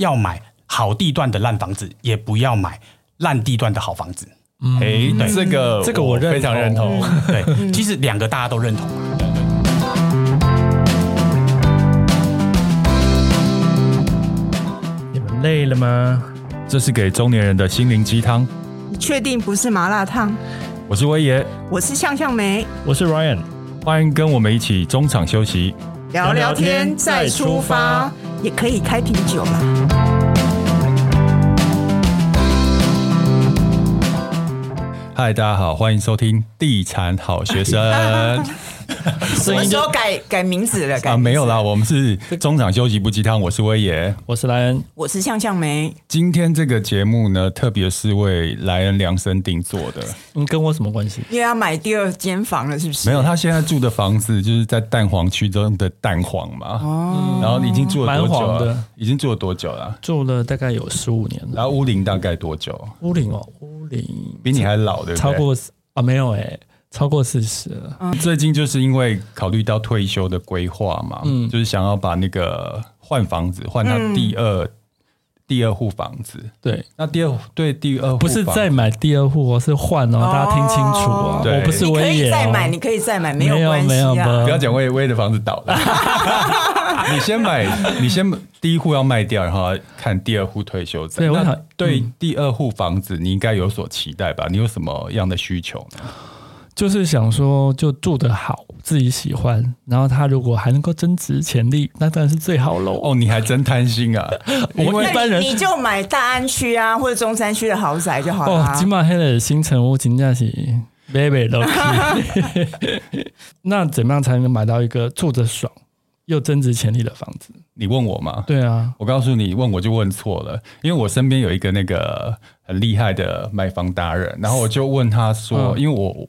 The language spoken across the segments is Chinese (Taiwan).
要買好地段的爛房子，也不要買爛地段的好房子。哎、嗯，對，這個這個我，我非常認同。嗯、對、嗯，其實兩個大家都認同嘛。你們累了嗎？這是給中年人的心靈雞湯。你確定不是麻辣燙？我是威爺，我是向向梅，我是 Ryan。歡迎跟我們一起中場休息，聊聊天再出發。聊聊也可以開瓶酒啦。嗨，大家好，歡迎收聽《地產好學生。》 什麼時候改改名,改名字了？啊，沒有啦，我們是中場休息不雞湯。我是威爺，我是萊恩，我是向向梅。今天這個節目呢，特別是為萊恩量身定做的。你、嗯、跟我什麼關係？因為他買第二間房了，是不是？沒有，他現在住的房子就是在蛋黃區中的蛋黃嘛。哦、嗯。然後已經住了多久了？已經住了多久了？住了大概有十五年了。然後屋齡大概多久？屋齡哦，屋齡比你還老，的不超過對不對啊，沒有哎、欸。超過四十了，嗯。最近就是因為考慮到退休的規劃嘛，嗯，就是想要把那個換房子，換他第二，嗯、第二戶房子。對，那第二對第二不是再買第二戶，哦，我是換哦，哦，大家聽清楚哦，對我不是威威，哦，可以再買，你可以再買，沒有關係，啊，沒有，沒有，不要講威威的房子倒了， 你先買，你先第一戶要賣掉，然後看第二戶退休再。那對第二戶房子，嗯、你應該有所期待吧？你有什麼樣的需求呢？就是想說，就住得好，自己喜歡，然後他如果還能夠增值潛力，那當然是最好嘍。哦，你還真貪心啊！ 我一般人你，你就買大安區啊，或者中山區的豪宅就好了。啊。哦，金馬黑的新城屋買買，金價是 b a b y l 那怎麼樣才能買到一個住得爽又增值潛力的房子？你問我嗎？對啊，我告訴你，問我就問錯了，因為我身邊有一個那個很厲害的買房達人，然後我就問他說，哦、因為我。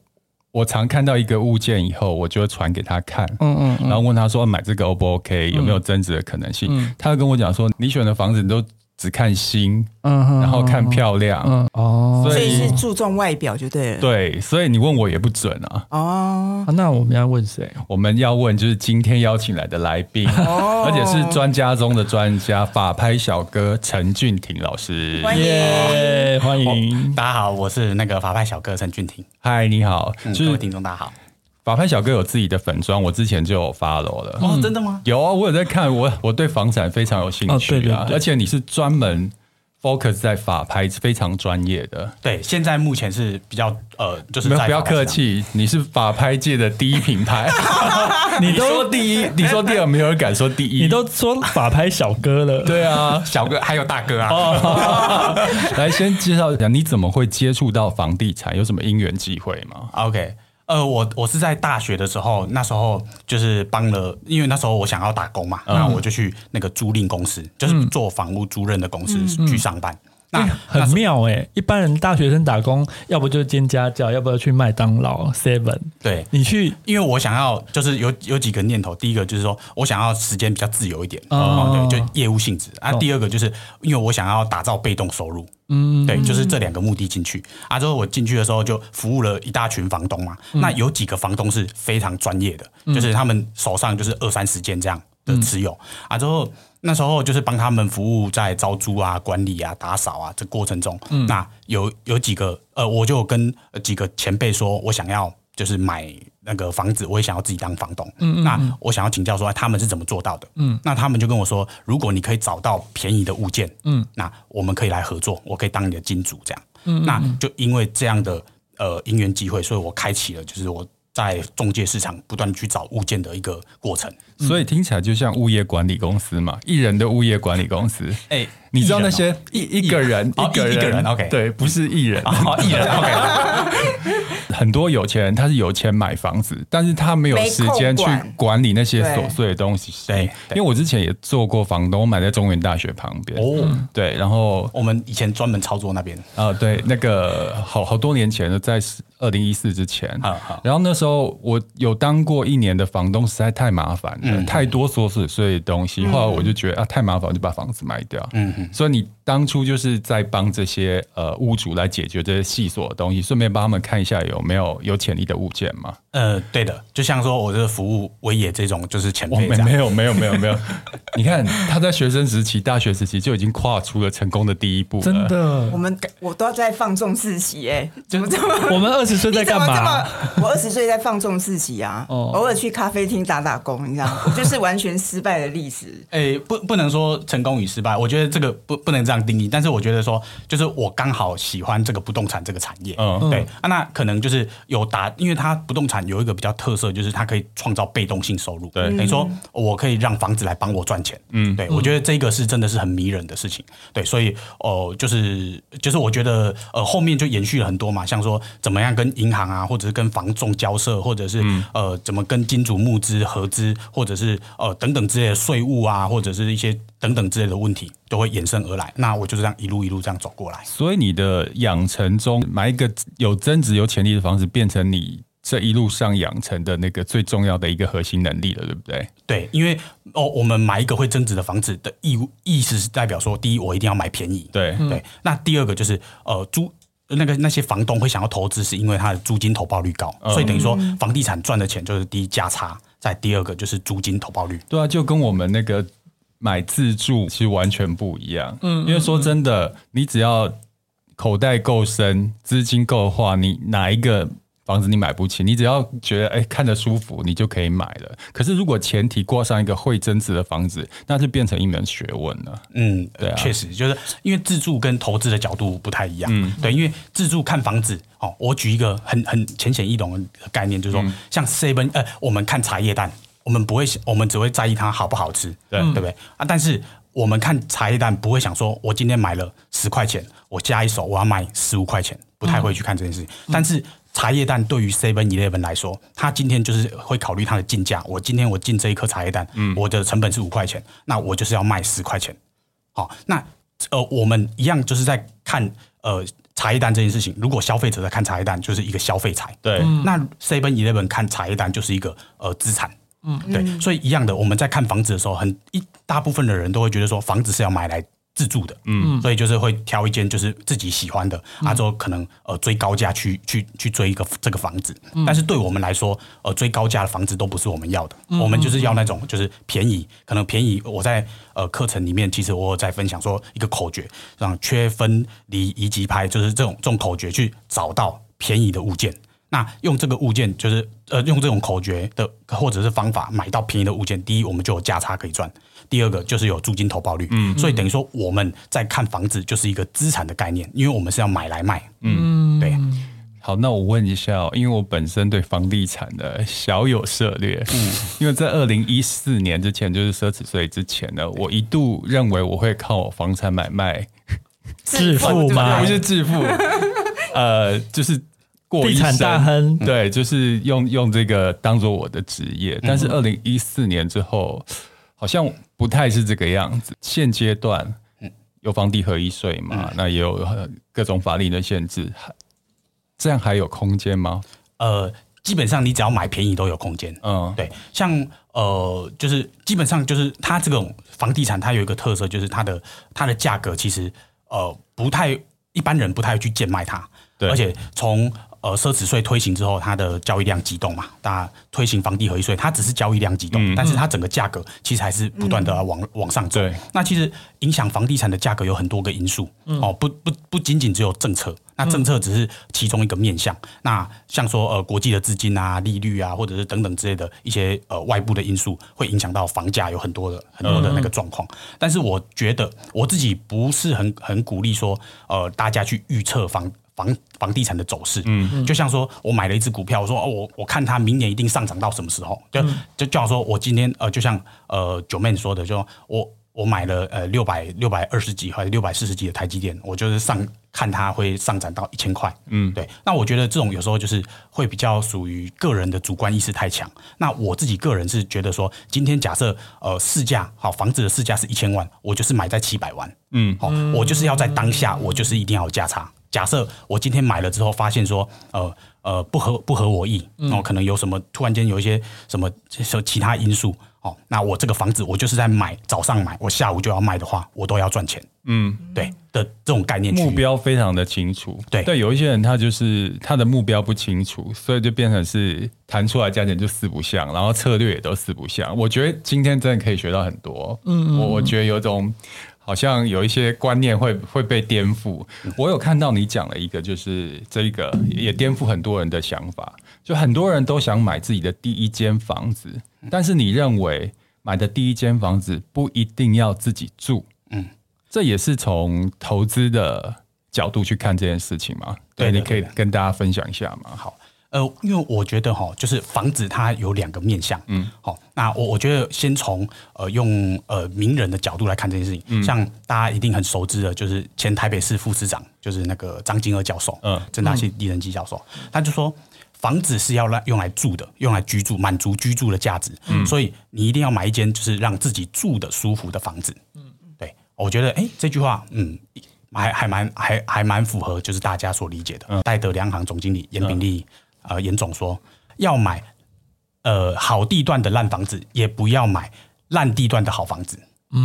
我常看到一個物件以後，我就會傳給他看，嗯嗯嗯，然後問他說買這個、Op、O 不 OK，有沒有增值的可能性？嗯嗯、他就跟我講說，你選的房子你都。只看新，uh -huh. 然後看漂亮，哦、uh -huh.，所以是注重外表就對了。對，所以你問我也不準啊。哦、uh -huh. 啊，那我們要問誰？ 我們要問就是今天邀請來的來賓，uh -huh. 而且是專家中的專家，法拍小哥陳俊廷老師。歡迎，yeah, 歡迎，oh, 大家好，我是那個法拍小哥陳俊廷。嗨，你好、嗯，各位聽眾，大家好。法拍小哥有自己的粉專，我之前就有 follow 了。哦，真的嗎、嗯。有啊，我有在看。我我對房產非常有興趣啊。哦、對，對，對，而且你是專門 focus 在法拍，非常專業的。對，現在目前是比較呃，就是不要客氣， 你是法拍界的第一品牌。 你，都你說第一，你說第二， 沒有人敢說第一。你都說法拍小哥了。 對啊，小哥還有大哥啊。 來，先介紹一下，你怎麼會接觸到房地產？有什麼因緣際會嗎？OK。呃，我我是在大學的時候，那時候就是幫了，因為那時候我想要打工嘛，然後我就去那個租賃公司，嗯，就是做房屋租賃的公司去上班。嗯嗯嗯那，那，那很妙誒、欸，一般人大學生打工，要不就兼家教，要不要去麥當勞、Seven？對你去，因為我想要就是有有幾個念頭，第一個就是說我想要時間比較自由一點，哦，對，就業務性質、哦、啊。第二個就是因為我想要打造被動收入，嗯、哦，對，就是這兩個目的進去、嗯、啊。之後我進去的時候就服務了一大群房東嘛，嗯、那有幾個房東是非常專業的、嗯，就是他們手上就是二三十件這樣的持有、嗯、啊。之後。那時候就是幫他們服務，在招租啊、管理啊、打掃啊這過程中，嗯、那有有幾個呃，我就跟幾個前輩說，我想要就是買那個房子，我也想要自己當房東，嗯、那我想要請教說、哎，他們是怎麼做到的、嗯？那他們就跟我說，如果你可以找到便宜的物件，嗯，那我們可以來合作，我可以當你的金主這樣，嗯、那就因為這樣的呃因緣機會，所以我開啟了就是我在仲介市場不斷去找物件的一個過程。所以聽起來就像物業管理公司嘛，藝人的物業管理公司。哎、欸，你知道那些人、哦、一一個人、oh, 一個人，一個人 OK 對，不是藝人藝、oh, oh, 人 OK, okay.。 很多有錢人他是有錢買房子，但是他沒有時間去管理那些瑣碎的東西對。對，因為我之前也做過房東，我買在中原大學旁邊哦。Oh, 對，然後我們以前專門操作那邊啊、嗯，對，那個好好多年前的，在二零一四之前啊。然後那時候我有當過一年的房東，實在太麻煩了。太多瑣碎的東西，後來我就覺得啊太麻煩，就把房子賣掉。嗯哼。所以你當初就是在幫這些呃屋主來解決這些細瑣的東西，順便幫他們看一下有沒有有潛力的物件嗎？呃，對的，就像說我這個服務我也這種，就是前輩。沒沒有沒有沒有沒有。沒有沒有沒有 你看他在學生時期、大學時期就已經跨出了成功的第一步了。真的，我們我都要在放縱自己哎，怎麼怎麼？我們二十歲在幹嘛？這麼這麼，我二十歲在放縱自己啊，哦、偶爾去咖啡廳打打工，你知道。我就是完全失敗的歷史。哎、欸，不，不能說成功與失敗。我覺得這個不不能這樣定義。但是我覺得說，就是我剛好喜歡這個不動產這個產業。嗯，對。嗯、啊，那可能就是有達，因為它不動產有一個比較特色，就是它可以創造被動性收入。對，等於、嗯、說我可以讓房子來幫我賺錢。嗯，對。我覺得這個是真的是很迷人的事情。嗯、對，所以哦、呃，就是就是我覺得呃，後面就延續了很多嘛，像說怎麼樣跟銀行啊，或者是跟房仲交涉，或者是、嗯、呃，怎麼跟金主募資合資、嗯，或者或者是呃等等之類的稅務啊，或者是一些等等之類的問題都會衍生而來。那我就是這樣一路一路這樣走過來。所以你的養成中買一個有增值有潛力的房子，變成你這一路上養成的那個最重要的一個核心能力了，對不對？對，因為哦，我們買一個會增值的房子的意意思是代表說，第一，我一定要買便宜。對對、嗯。那第二個就是呃，租那個那些房東會想要投資，是因為他的租金投報率高，嗯、所以等於說房地產賺的錢就是第一價差。再第二個就是租金投報率。對啊，就跟我們那個買自住其實完全不一樣，嗯，嗯，嗯，因為說真的，你只要口袋夠深，資金夠的話，你哪一個房子你買不起，你只要覺得哎、欸、看着舒服，你就可以買了。可是如果前提掛上一個會增值的房子，那就變成一門學問了。嗯，對、啊，確實就是因為自住跟投資的角度不太一樣、嗯。對，因為自住看房子，哦，我舉一個很很淺顯易懂的概念，就是說、嗯、像 seven，呃，我們看茶葉蛋，我們不會，我們只會在意它好不好吃，嗯、對對不對？啊，但是我們看茶葉蛋不會想說，我今天買了十塊錢，我加一手我要買十五塊錢，不太會去看這件事情、嗯嗯，但是。茶葉蛋對於 Seven Eleven 來說，他今天就是會考慮他的進價。我今天我進這一顆茶葉蛋，嗯，我的成本是五塊錢，那我就是要賣十塊錢。好，哦，那呃，我們一樣就是在看呃茶葉蛋這件事情。如果消費者在看茶葉蛋，就是一個消費財，對。那 Seven Eleven 看茶葉蛋，就是一個呃資產，嗯，對。所以一樣的，我們在看房子的時候，很一大部分的人都會覺得說，房子是要買來自住的，嗯，所以就是會挑一間就是自己喜歡的，阿、嗯、周、啊、可能呃追高價去去去追一個這個房子，但是對我們來說，呃，追高價的房子都不是我們要的，嗯，我們就是要那種就是便宜，嗯，可能便宜。嗯、我在呃課程裡面其實我有在分享說一個口訣，讓缺分離一級拍，就是這種這種口訣去找到便宜的物件。那用這個物件就是。呃，用這種口訣的或者是方法買到便宜的物件，第一我們就有價差可以賺，第二個就是有租金投報率。嗯，所以等於說我們在看房子就是一個資產的概念，因為我們是要買來賣。嗯，對。嗯、好，那我問一下、哦，因為我本身對房地產的小有涉獵。嗯，因為在二零一四年之前，就是奢侈稅之前呢，我一度認為我會靠我房產買賣致 富嗎？不是致富， 呃，就是。過一地產大亨對，就是用用這個當做我的職業、嗯，但是二零一四年之後好像不太是這個樣子。現階段，有房地合一稅嘛、嗯？那也有各種法律的限制，這樣還有空間嗎？呃，基本上你只要買便宜都有空間。嗯，對，像呃，就是基本上就是它這種房地產，它有一個特色，就是它的它的價格其實呃不太一般人不太去賤賣它，而且從呃，奢侈稅推行之後，它的交易量急凍嘛，大家推行房地合一稅，它只是交易量急凍，嗯嗯，但是它整個價格其實還是不斷的往，嗯、往上走。那其實影響房地產的價格有很多個因素，嗯、哦，不不不僅僅只有政策，那政策只是其中一個面向。嗯，那像說呃國際的資金啊，利率啊，或者是等等之類的一些呃外部的因素，會影響到房價有很多的，嗯、很多的那個狀況，嗯。但是我覺得我自己不是很很鼓勵說呃大家去預測房。房房地產的走勢、嗯，嗯，就像說我買了一隻股票，我說哦，我我看它明年一定上漲到什麼時候就、嗯？就就叫說，我今天呃，就像呃九妹說的，就我我買了呃六百六百二十幾塊，六百四十幾的台積電，我就是上、嗯、看它會上漲到一千塊，嗯，對。那我覺得這種有時候就是會比較屬於個人的主觀意識太強。那我自己個人是覺得說，今天假設呃市價好房子的市價是一千萬，我就是買在七百萬嗯，嗯，好，我就是要在當下，我就是一定要有價差。假設我今天買了之後，發現說，呃呃，不合不合我意，然後，嗯，哦，可能有什麼突然間有一些什麼其他因素，哦，那我這個房子我就是在買，早上買，我下午就要賣的話，我都要賺錢。嗯，對的這種概念，目標非常的清楚。對，對，有一些人他就是他的目標不清楚，所以就變成是談出來價錢就四不像，然後策略也都四不像。我覺得今天真的可以學到很多。嗯，嗯，我我覺得有種。好像有一些觀念會會被顛覆。我有看到你講了一個，就是這個也顛覆很多人的想法。就很多人都想買自己的第一間房子，但是你認為買的第一間房子不一定要自己住。嗯，這也是從投資的角度去看這件事情嗎？對，對，對，對，你可以跟大家分享一下嗎？好。呃，因為我覺得哈，就是房子它有兩個面向，嗯，好，那我我覺得先從呃用呃名人的角度來看這件事情，嗯、像大家一定很熟知的，就是前台北市副市長，就是那個張金鶚教授，嗯，政大器、李仁基教授，嗯，他就說，房子是要來用來住的，用來居住，滿足居住的價值，嗯，所以你一定要買一間就是讓自己住得舒服的房子，嗯，對，我覺得哎、欸、這句話，嗯，還還蠻還還蠻符合，就是大家所理解的，戴、嗯、德梁行總經理顏炳立。呃嚴總說要買，呃，好地段的爛房子，也不要買爛地段的好房子。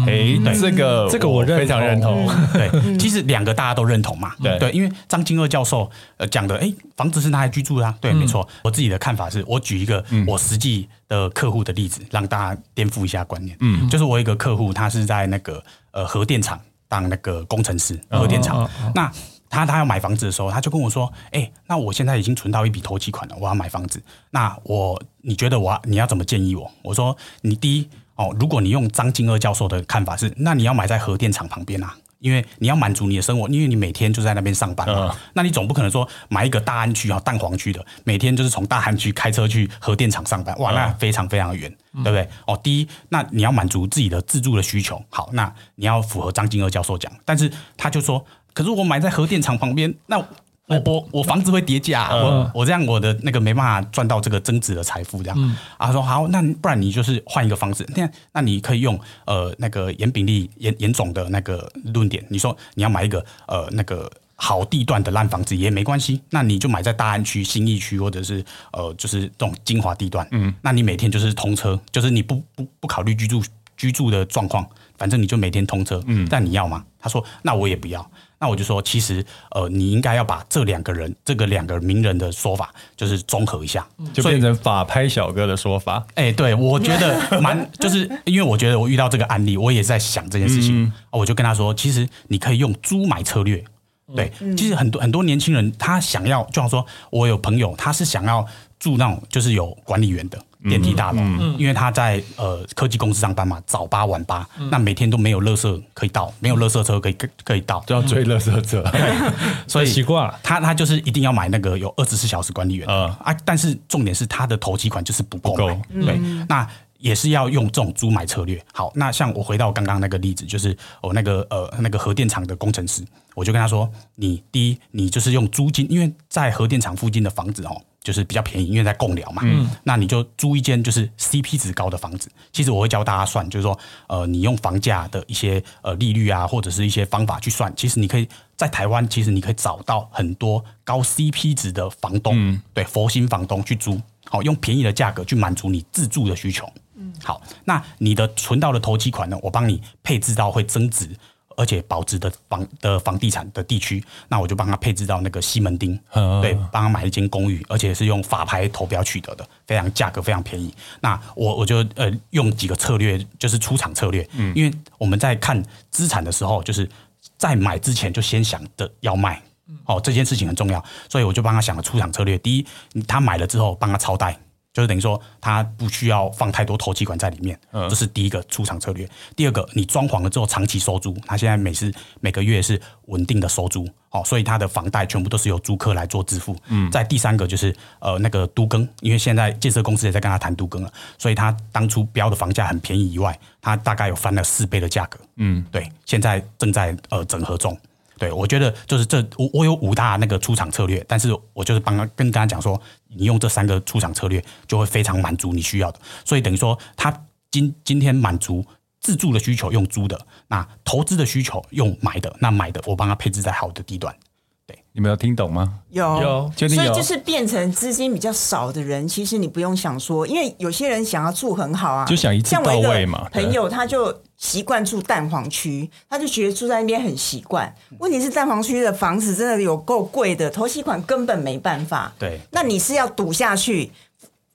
哎、欸，這個這個我非常認同。對， 其實兩個大家都認同嘛。對、嗯、對，因為張金二教授講、呃、的，哎、欸，房子是拿來居住的、啊嗯。對，沒錯。我自己的看法是，我舉一個我實際的客戶的例子，嗯、讓大家顛覆一下觀念。嗯，就是我有一個客戶，他是在那個呃核電廠當那個工程師，核電廠、哦哦哦、那。他他要買房子的時候，他就跟我說：“哎、欸，那我現在已經存到一筆頭期款了，我要買房子。那我你覺得我要你要怎麼建議我？”我說：“你第一哦，如果你用張金鶚教授的看法是，那你要買在核電廠旁邊啊，因為你要滿足你的生活，因為你每天就在那邊上班、呃。那你總不可能說買一個大安區啊、蛋黃區的，每天就是從大安區開車去核電廠上班。哇，那非常非常的遠、嗯，對不對？哦，第一，那你要滿足自己的自住的需求。好，那你要符合張金鶚教授講，但是他就說。”可是我買在核電廠旁邊，那我我我房子會跌價、啊，我我這樣我的那個沒辦法賺到這個增值的財富，這樣啊？嗯、他說好，那不然你就是換一個房子，那那你可以用呃那個顏炳立顏顏總的那個論點，你說你要買一個呃那個好地段的爛房子也沒關係，那你就買在大安區、信義區或者是呃就是這種精華地段，嗯，那你每天就是通車，就是你不不不考慮居住居住的狀況，反正你就每天通車，嗯，但你要嗎？他說那我也不要。那我就說，其實，呃，你應該要把這兩個人，這個兩個名人的說法，就是綜合一下，就變成法拍小哥的說法。哎、欸，對，我覺得蠻， 就是因為我覺得我遇到這個案例，我也在想這件事情、嗯，我就跟他說，其實你可以用租買策略。對，嗯、其實很多很多年輕人他想要，就好像說，我有朋友他是想要。住那種就是有管理員的電梯大樓、嗯嗯，因為他在呃科技公司上班嘛，早八晚八、嗯，那每天都沒有垃圾可以到，沒有垃圾車可以可以到，就要追垃圾車、嗯，所以習慣了。他他就是一定要買那個有二十四小時管理員的、嗯、啊，但是重點是他的頭期款就是不夠，對、嗯，那也是要用這種租買策略。好，那像我回到剛剛那個例子，就是我、呃、那個呃那個核電廠的工程師，我就跟他說，你第一，你就是用租金，因為在核電廠附近的房子哦。就是比較便宜，因為在共聊嘛、嗯，那你就租一間就是 CP 值高的房子。其實我會教大家算，就是說，呃，你用房價的一些呃利率啊，或者是一些方法去算，其實你可以在台灣，其實你可以找到很多高 CP 值的房東、嗯，對，佛心房東去租，好，用便宜的價格去滿足你自住的需求、嗯，好，那你的存到的頭期款呢，我幫你配置到會增值。而且保值的房的房地產的地區，那我就幫他配置到那個西門町，哦、對，幫他買一間公寓，而且是用法拍投標取得的，非常價格非常便宜。那我我就呃用幾個策略，就是出場策略，嗯、因為我們在看資產的時候，就是在買之前就先想着要賣，哦，這件事情很重要，所以我就幫他想了出場策略。第一，他買了之後幫他超貸。就是等於說，他不需要放太多頭期款在裡面，嗯、這是第一個出場策略。第二個，你裝潢了之後長期收租，他現在每次每個月是穩定的收租，哦，所以他的房貸全部都是由租客來做支付，嗯，再第三個就是呃那個都更，因為現在建設公司也在跟他談都更了，所以他當初標的房價很便宜以外，他大概有翻了四倍的價格，嗯，對，現在正在呃整合中。對，我覺得就是這我我有五大那個出場策略，但是我就是幫他，跟大家講說，你用這三個出場策略就會非常滿足你需要的，所以等於說他今今天滿足自住的需求用租的，那投資的需求用買的，那買的我幫他配置在好的地段。你們有聽懂嗎？有有，有，所以就是變成資金比較少的人，其實你不用想說，因為有些人想要住很好啊，就想一次到位嘛。朋友他就習慣住蛋黃區，他就覺得住在那邊很習慣。問題是蛋黃區的房子真的有夠貴的，頭期款根本沒辦法。對，那你是要賭下去，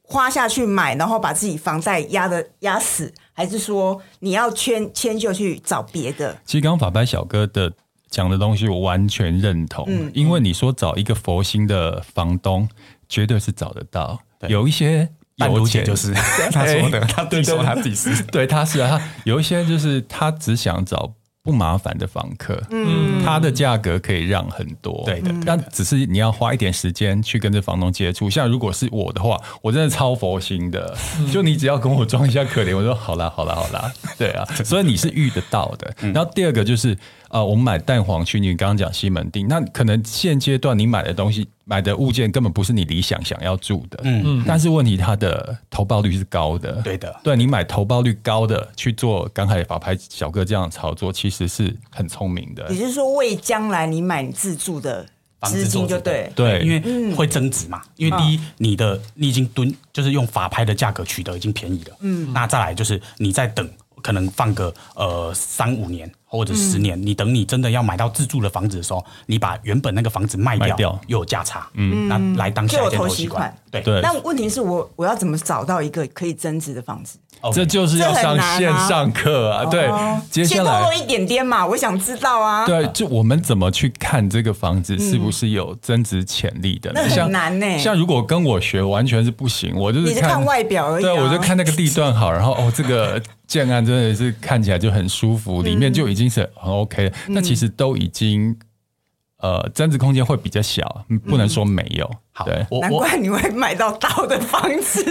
花下去買，然後把自己房貸壓得壓死，還是說你要遷遷就去找別的？其實剛剛法拍小哥的。講的東西我完全認同，嗯，因為你說找一個佛心的房東，嗯，絕對是找得到，嗯。有一些，有讀姐就是他，欸、說的，他對說他自己是，對，她是，啊、她有一些就是他只想找不麻煩的房客，嗯，他的價格可以讓很多，嗯，對的，但只是你要花一點時間去跟這房東接觸，嗯。像如果是我的話，我真的超佛心的，就你只要跟我裝一下可憐，我說好啦好啦好啦，好啦，對啊，所以你是遇得到的。嗯，然後第二個就是。呃，我們買蛋黃區。你剛剛講西門町，那可能現階段你買的東西，買的物件根本不是你理想想要住的，嗯嗯。但是問題，它的投報率是高的，對的。對，你買投報率高的去做，剛海法拍小哥這樣的操作，其實是很聰明的。也就是說，為將來你買自住的，資金，就對對，因為會增值嘛。嗯、因為第一，你的你已經蹲，就是用法拍的價格取得已經便宜了，嗯。那再來就是你在等，可能放個呃，三五年或者，十年，嗯，你等你真的要買到自住的房子的時候，你把原本那個房子賣掉，賣掉又有價差嗯，嗯，那來當下就有頭期款、款，對對。但問題是我我要怎麼找到一個可以增值的房子？Okay, 這就是要上線上課啊！啊對、哦，接下來多一點點嘛，我想知道啊。對，就我們怎麼去看這個房子是不是有增值潛力的、嗯？那是很難呢、欸。像如果跟我學完全是不行，我就是看，你是看外表而已、啊。對，我就看那個地段好，然後哦，這個建案真的是看起來就很舒服，嗯、裡面就已經是很 OK。那、嗯、其實都已經。呃，增值空間會比較小，不能說沒有。嗯、好我我，難怪你會買到到的房子。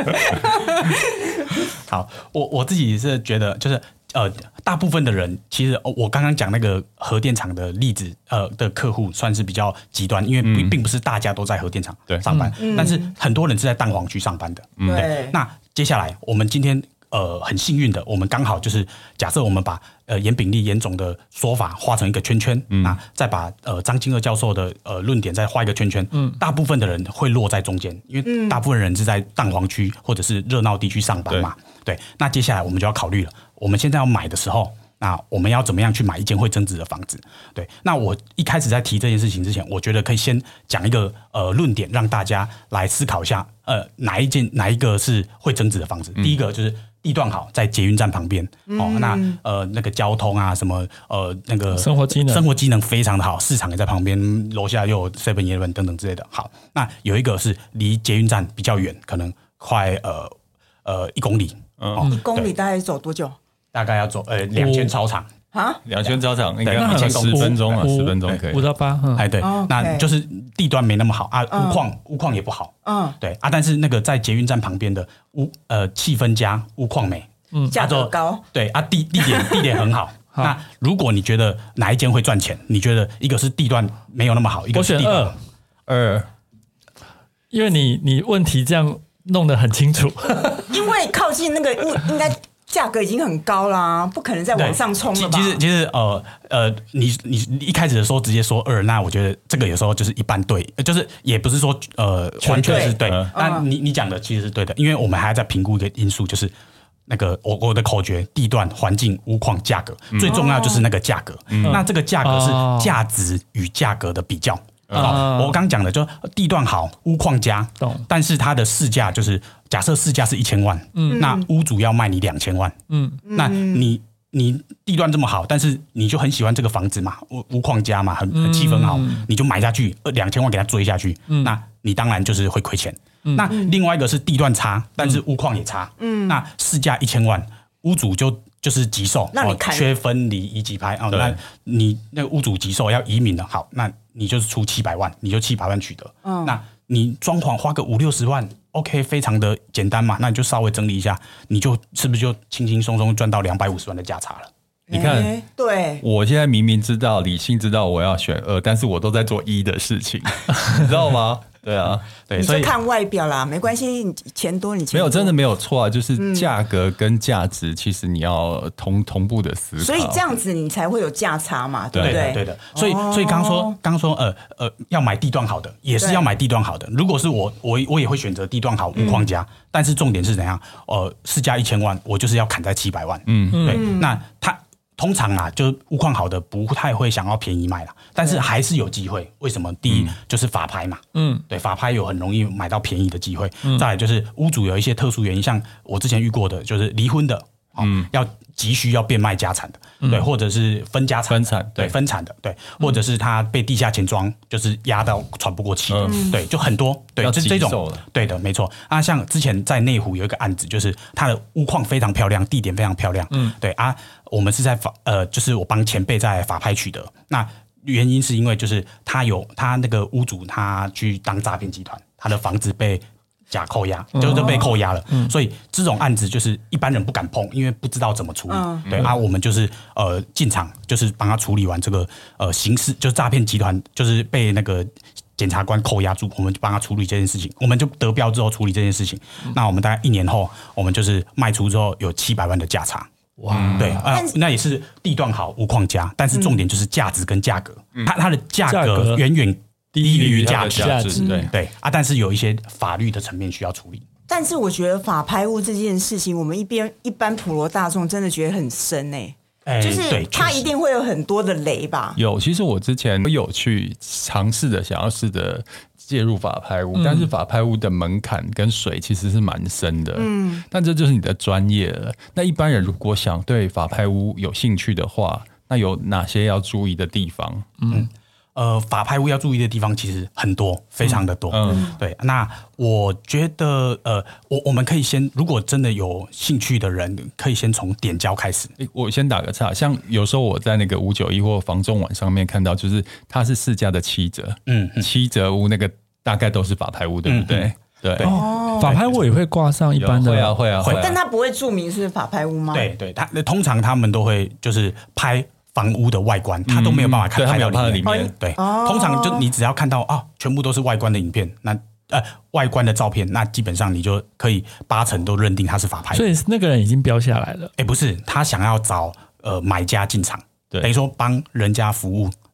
好，我我自己是覺得，就是呃，大部分的人，其實我剛剛講那個核電廠的例子，呃，的客戶算是比較極端，因為並、嗯、並不是大家都在核電廠對上班對、嗯，但是很多人是在蛋黃區上班的對對。對，那接下來我們今天。呃，很幸運的，我們剛好就是假設我們把呃顏炳立顏總的說法畫成一個圈圈，嗯，啊，再把呃張金鶚教授的呃論點再畫一個圈圈，嗯，大部分的人會落在中間，因為大部分人是在蛋黃區或者是熱鬧地區上班嘛對，對。那接下來我們就要考慮了，我們現在要買的時候，那我們要怎麼樣去買一間會增值的房子？對。那我一開始在提這件事情之前，我覺得可以先講一個呃論點，讓大家來思考一下，呃，哪一間、哪一個是會增值的房子？嗯、第一個就是。地段好，在捷運站旁邊、嗯、哦。那呃，那個交通啊，什麼呃，那個生活機能，生活機能非常的好，市場也在旁邊，樓、嗯、下又有 Seven Eleven 等等之類的。好，那有一個是離捷運站比較遠，可能快呃呃一公里、嗯、哦，一公里大概走多久？大概要走呃兩千操場。哦啊，兩圈操場應該、嗯、十分鐘啊，嗯、十分鐘可以五到八。哎、嗯啊，對，對8，嗯對對 okay. 那就是地段沒那麼好啊，屋況屋況也不好。嗯，對啊，但是那個在捷運站旁邊的屋呃氣氛佳屋況美，價格、嗯啊、高。對啊，地地點地點很好， 好。那如果你覺得哪一間會賺錢？你覺得一個是地段沒有那麼好，一個是地段，我選二二，因為你你問題這樣弄得很清楚， 因為靠近那個屋應該。 價格已經很高啦，啊,不可能再往上衝了其實其實呃呃,你你一開始的時候直接說二、er,，那我覺得這個有時候就是一般對,就是也不是說呃全完全是對。呃、但你你講的其實是對的，呃、因為我們還要再評估一個因素，就是那個我我的口訣：地段、環境、屋況、價格，最重要就是那個價格，嗯嗯。那這個價格是價值與價格的比較。Oh, 我剛講的就地段好，屋況佳。Oh. 但是它的市價就是假設市價是一千萬、嗯，那屋主要賣你兩千萬、嗯，那你你地段這麼好，但是你就很喜歡這個房子嘛，屋屋況佳嘛，很很氣氛好、嗯，你就買下去，兩千萬給他追下去、嗯，那你當然就是會虧錢、嗯。那另外一個是地段差，但是屋況也差，嗯、那市價一千萬，屋主就。就是急售，你缺分離以及拍啊、哦，那你那個屋主急售要移民的，好，那你就是出七百萬，你就七百萬取得，嗯、那你裝潢花個五六十萬，OK，非常的簡單嘛，那你就稍微整理一下，你就是不是就輕輕鬆鬆賺到兩百五十萬的價差了？你看，欸、對，我現在明明知道，理性知道我要選二，但是我都在做一的事情， 你知道嗎？ 對啊，對，所以看外表啦，沒關係，你錢多你錢多沒有，真的沒有錯啊，就是價格跟價值，其實你要同、嗯、同步的思考，所以這樣子你才會有價差嘛，對對,對,對,對？對的，哦、所以所以剛說，剛說，呃呃，要買地段好的，也是要買地段好的。如果是我，我我也會選擇地段好無框架、嗯，但是重點是怎樣？呃，市價一千萬，我就是要砍在七百萬，嗯嗯，對，嗯、那他。通常啊，就是屋況好的不太會想要便宜賣了，但是還是有機會。為什麼？第一，嗯，就是法拍嘛，嗯，對，法拍有很容易買到便宜的機會，嗯。再來就是屋主有一些特殊原因，像我之前遇過的，就是離婚的，哦，嗯，要急需要變賣家產的，嗯，對，或者是分家產，分產，對，分產的，對，或者是他被地下錢莊就是壓到喘不過氣，對，就很多，對，這這種，對的，沒錯。啊，像之前在內湖有一個案子，就是他的屋況非常漂亮，地點非常漂亮，嗯，對啊。我們是在法呃，就是我幫前輩在法拍取得。那原因是因為就是他有他那個屋主，他去當詐騙集團，他的房子被假扣押，就是被扣押了、嗯。所以這種案子就是一般人不敢碰，因為不知道怎麼處理。嗯、對啊，我們就是呃進場，就是幫他處理完這個呃刑事，就是詐騙集團，就是被那個檢察官扣押住，我們就幫他處理這件事情。我們就得標之後處理這件事情。嗯、那我們大概一年後，我們就是賣出之後有七百萬的價差。哇、wow, 嗯，對啊，那也是地段好無框架，但是重點就是價值跟價格，嗯、它它的價格遠遠低於價價值。對對啊，但是有一些法律的層面需要處理。但是我覺得法拍屋這件事情，我們一邊一般普羅大眾真的覺得很深誒、欸欸，就是、就是、它一定會有很多的雷吧？有，其實我之前有去嘗試着想要試着。介入法拍屋，嗯，但是法拍屋的門檻跟水其實是蠻深的。嗯，但這就是你的專業了。那一般人如果想對法拍屋有興趣的話，那有哪些要注意的地方？嗯，呃，法拍屋要注意的地方其實很多，非常的多。嗯，嗯對。那我覺得，呃，我我們可以先，如果真的有興趣的人，可以先從點交開始。欸。我先打個岔，像有時候我在那個五九一或房仲網上面看到，就是它是市價的七折。嗯，七折屋那個。大概都是法拍屋，嗯、對不對、哦？對，法拍屋也會掛上一般的，會啊，對，會啊，會，但他不會注明是法拍屋嗎？對，對，他通常他們都會就是拍房屋的外觀，嗯、他都沒有辦法看到裡面，對，他到裡面、哦、對，通常就你只要看到啊、哦，全部都是外觀的影片，那呃外觀的照片，那基本上你就可以八成都認定他是法拍屋。所以那個人已經標下來了。哎，不是，他想要找呃買家進場。對，等於說幫人家服務。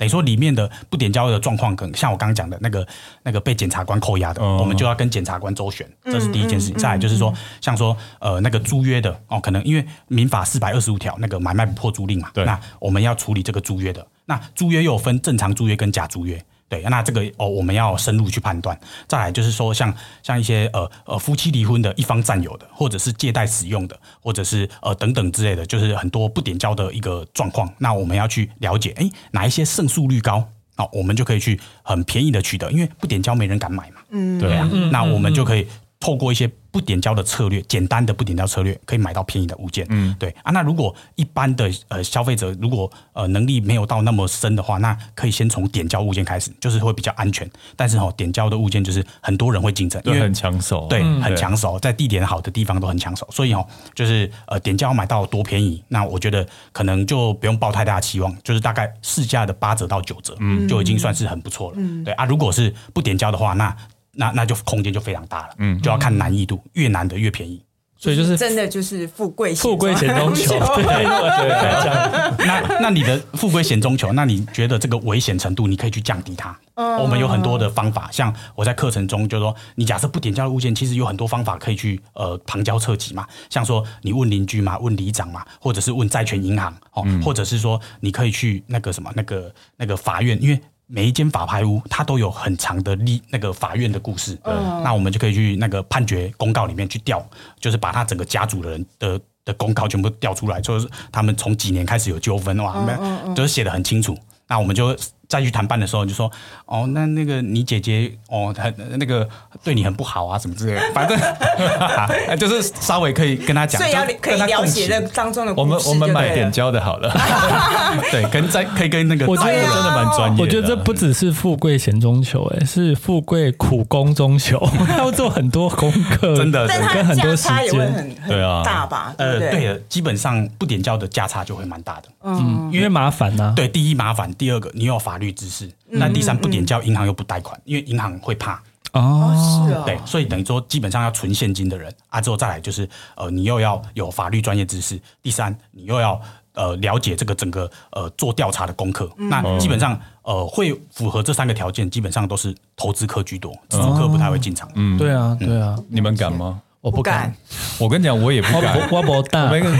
等於說，裡面的不點交易的狀況，可能像我剛剛講的那個那個被檢察官扣押的、哦，我們就要跟檢察官周旋，這是第一件事情。再來就是說，像說呃那個租約的哦，可能因為民法四百二十五條那個買賣不破租賃嘛，對，那我們要處理這個租約的。那租約又有分正常租約跟假租約。對，那這個哦，我們要深入去判斷。再來就是說像，像像一些呃呃夫妻離婚的一方佔有的，或者是借貸使用的，或者是呃等等之類的，就是很多不點交的一個狀況。那我們要去了解，哎、欸，哪一些勝訴率高？哦，我們就可以去很便宜的取得，因為不點交沒人敢買嘛。嗯，對啊、嗯、那我們就可以。透過一些不點交的策略，簡單的不點交策略，可以買到便宜的物件。嗯，對，對啊。那如果一般的呃消費者，如果呃能力沒有到那麼深的話，那可以先從點交物件開始，就是會比較安全。但是哦，點交的物件就是很多人會競爭，對，很搶手。對，嗯、對很搶手，在地點好的地方都很搶手。所以哦，就是呃點交買到多便宜，那我覺得可能就不用抱太大的期望，就是大概市價的八折到九折，嗯，就已經算是很不錯了。嗯、對啊。嗯、如果是不點交的話，那。那那就空間就非常大了，嗯，就要看難易度，嗯、越難的越便宜，所以就是真的就是富貴富貴險中求，對, 對，對對、啊、這樣。 那那你的富貴險中求， 那你覺得這個危險程度，你可以去降低它、嗯。我們有很多的方法，像我在課程中就是說，你假設不點交的物件，其實有很多方法可以去呃旁敲側擊嘛，像說你問鄰居嘛，問里長嘛，或者是問債權銀行哦、嗯，或者是說你可以去那個什麼那個那個法院，因為。每一間法拍屋，它都有很長的立那個法院的故事，嗯嗯，那我們就可以去那個判決公告裡面去調，就是把他整個家族的人的的，的公告全部調出來，就是他們從幾年開始有糾紛哇，都寫得很清楚，那我們就。再去談判的時候就說哦，那那個你姐姐哦，她那個對你很不好啊，什麼之類的，反正 就是稍微可以跟他講，所以要可以了解的當中的。我們我們買點交的好了， 對，跟再可以跟那個。我覺得我真的蠻專業。我覺得這不只是富貴險中求，哎，是富貴苦功中求，要 做很多功課， 真的，跟很多時間。對啊，大吧？呃，對了，基本上不點交的價差就會蠻大的嗯，嗯，因為麻煩呢、啊。對，第一麻煩，第二個你有法。律知識，那第三不點交銀行又不貸款，因為銀行會怕哦，是啊，對，所以等於說基本上要存現金的人啊，之後再來就是呃，你又要有法律專業知識，第三你又要呃了解這個整個呃做調查的功課、嗯，那基本上呃會符合這三個條件，基本上都是投資客居多，自住客不太會進場、哦嗯，嗯，對啊，對啊，嗯、你們敢嗎？我不敢，不敢，我跟你講，我也不敢，我也不，不， 不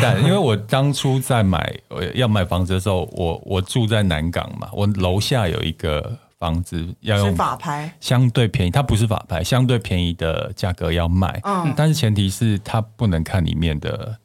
敢，因為我當初在買要買房子的時候，我我住在南港嘛，我樓下有一個房子要用法拍，相對便宜，它不是法拍，相對便宜的價格要賣，嗯，但是前提是它不能看裡面的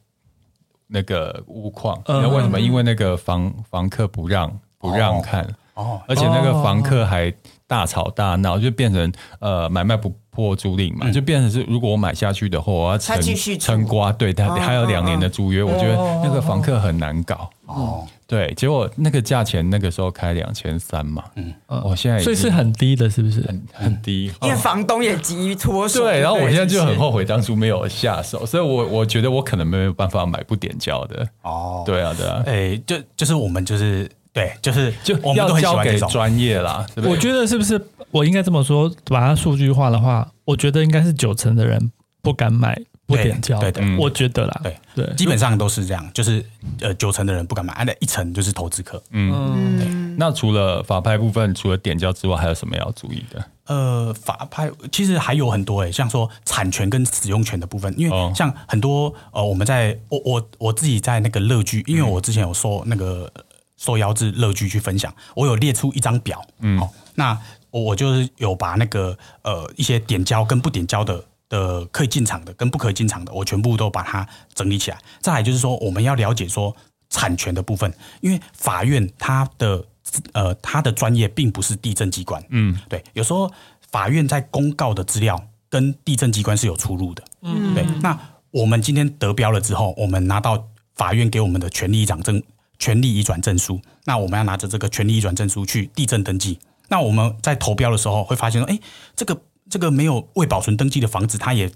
那個屋況。那，嗯，為什麼？因為那個房房客不讓不讓看，哦，而且那個房客還大吵大鬧，就變成呃買賣不。或租賃嘛，就變成是，如果我買下去的話，我、嗯、要他續撐瓜，啊、對他還有兩年的租約、啊，我覺得那個房客很難搞哦。對、嗯，結果那個價錢那個時候開兩千三嘛，嗯，啊、我現在所以是很低的，是不是？很很低。因為房東也急於脫手、哦，對。然後我現在就很後悔當初沒有下手，嗯、所以我我覺得我可能沒有辦法買不點交的哦。對啊，對啊，哎、欸，就就是我們就是對，就是就我們都交給專業啦，對對 我覺得是不是？我應該這麼說，把它數據化的話，我覺得應該是九成的人不敢買不點交，對的，我覺得啦，對對，對，基本上都是這樣，就是呃九成的人不敢買，那、啊、一成就是投資客、嗯，嗯。那除了法拍部分，除了點交之外，還有什麼要注意的？呃，法拍其實還有很多、欸，哎，像說產權跟使用權的部分，因為像很多呃，我們在我我我自己在那個樂居，因為我之前有受那個受邀至樂居去分享，我有列出一張表，嗯，好，那。我就是有把那個呃一些點交跟不點交的的可以進場的跟不可以進場的，我全部都把它整理起來。再來就是說，我們要了解說產權的部分，因為法院它的呃它的專業並不是地政機關，嗯，對。有時候法院在公告的資料跟地政機關是有出入的，嗯，對。那我們今天得標了之後，我們拿到法院給我們的權利轉證權利移轉證書，那我們要拿着這個權利移轉證書去地政登記。那我們在投標的時候會發現說，誒這個這個沒有未保存登記的房子，它也